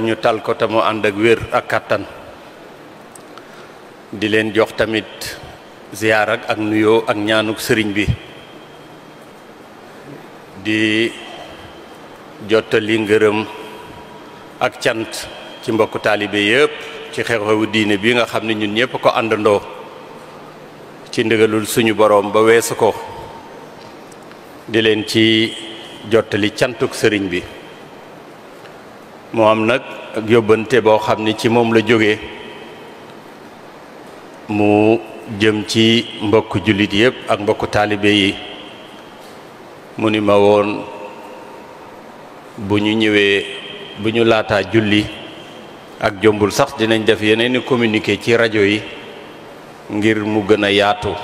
ñu tal ko te mu ànd ak wér ak kàttan di leen jox tamit ziyaar ak ak nuyoo ak ñaanuk sëriñ bi di jottali ngërëm ak cant ci mbokku taalibe yépp ci xew-xewu diine bi nga xam ne ñun ñépp ko àndandoo ci ndigalul suñu boroom ba weesu ko di leen ci jottali cantuk sëriñ bi mu am nag ak yóbbante boo xam ni ci moom la jóge mu jëm ci mbokk jullit yépp ak mbokku taalibe yi mu ni ma woon bu ñu ñëwee bu ñu laataa julli ak jombul sax dinañ def yeneen i communiqué ci rajo yi ngir mu gën a yaatu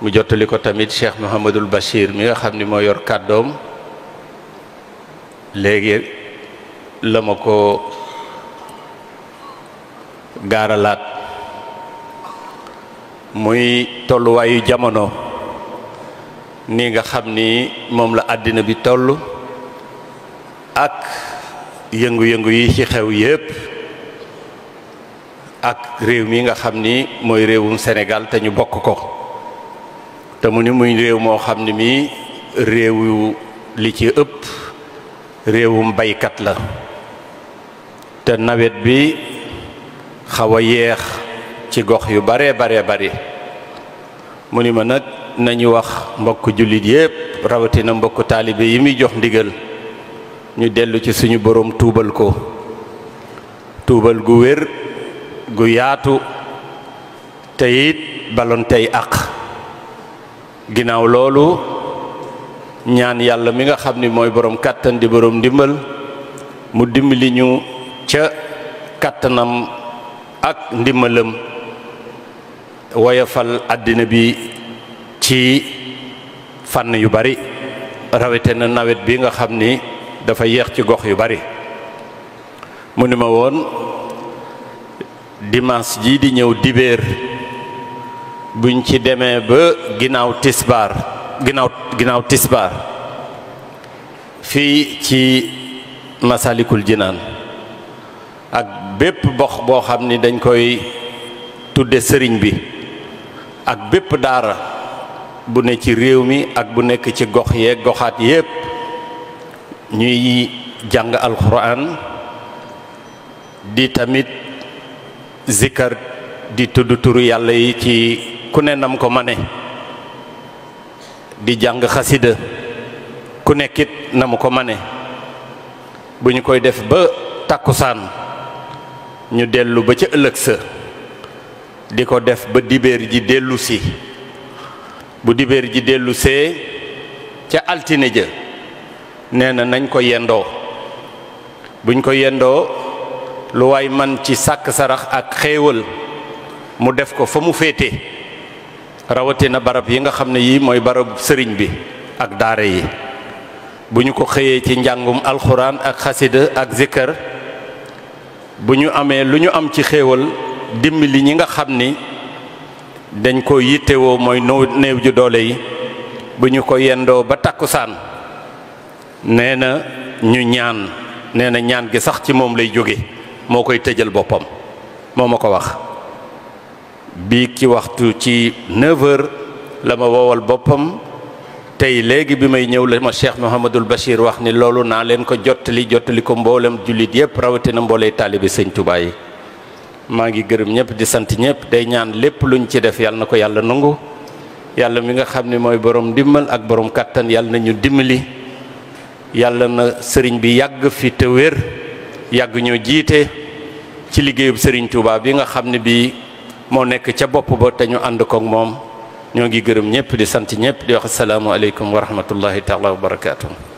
mu jottali ko tamit Cheikh Mouhamadul Bachir mi nga xam ni moo yor kàddoom léegi la ma ko gaaralaat muy tolluwaayu jamono ni nga xam ni moom la àddina bi toll ak yëngu-yëngu yi ci xew yépp ak réew mi nga xam ni mooy réewum senegal te ñu bokk ko te mu ni muy réew moo xam ni mi réewu li ci ëpp réewum baykat la te nawet bi xaw a yéex ci gox yu bare bare bari mu ni ma nag nañu wax mbokk jullit yépp rawatina mbokk taalibe jox ndigal ñu ci suñu borom tuubal ko tubal gu wér gu yaatu balon tey ak ginnaaw loolu ñaan yàlla mi nga xam ni borom di borom ndimbal mu dimbali ñu ca kàttanam ak ndimbalam woyofal àddina bi ci fànn yu bari rawete na nawet bi nga xam ni dafa yéex ci gox yu bari mu ni ma woon dimanche ji di ñëw dibéer buñ ci demee ba ginnaaw tisbaar ginnaaw ginnaaw fii ci masalikul jinaan ak bépp box boo xam ni dañ koy tudde sëriñ bi ak bépp daara bu ne ci réew mi ak bu nekk ci gox yépp ñuy di tamit zikar di tudd turu yàlla yi ci ku ne nam ko di jangga xasida ku nekkit na mu ko mane bu koy def ba ñu dellu ba ca ëllëg sa di ko def ba dibeer ji dellu bu dibeer ji dellusee ca altine ja nee na nañ ko yendoo buñ ko yendoo lu waay man ci sàkk sarax ak xéewal mu def ko fa mu féete rawatina barab yi nga xam ne yii mooy barab sëriñ bi ak daara yi bu ñu ko xëyee ci njàngum alxuraan ak xasida ak zikkër bu ñu amee lu ñu am ci xéewal dimbali ñi nga xam ni dañ ko yittewoo mooy noo néew ju doole yi bu ñu ko yendoo ba takkusaan nee na ñu ñaan nee na ñaan gi sax ci moom lay jóge moo koy tëjal boppam moo ma ko wax bii ki waxtu ci 9 la ma wowal boppam tey léegi bi may ñëw la ma cheikh mohamadul bachir wax ni loolu naa leen ko jottali jottali ko mboolem jullit yépp rawatina mboolee taalibi sëñ Tuubaa yi maa ngi gërëm ñëpp di sant ñëpp day ñaan lépp luñ ci def yàlla na ko yàlla nangu yàlla mi nga xam ne mooy borom ndimbal ak borom kàttan yàlla na dimbali na bi yàgg fi te wér yàgg ñoo jiite ci liggéeyub sëriñ Tuubaa bi nga xam ne bii moo ca ba ñoo ngi gërëm ñëpp di sant ñëpp di wax asalaamualeykum wa rahmatullahi taala wa barakatuh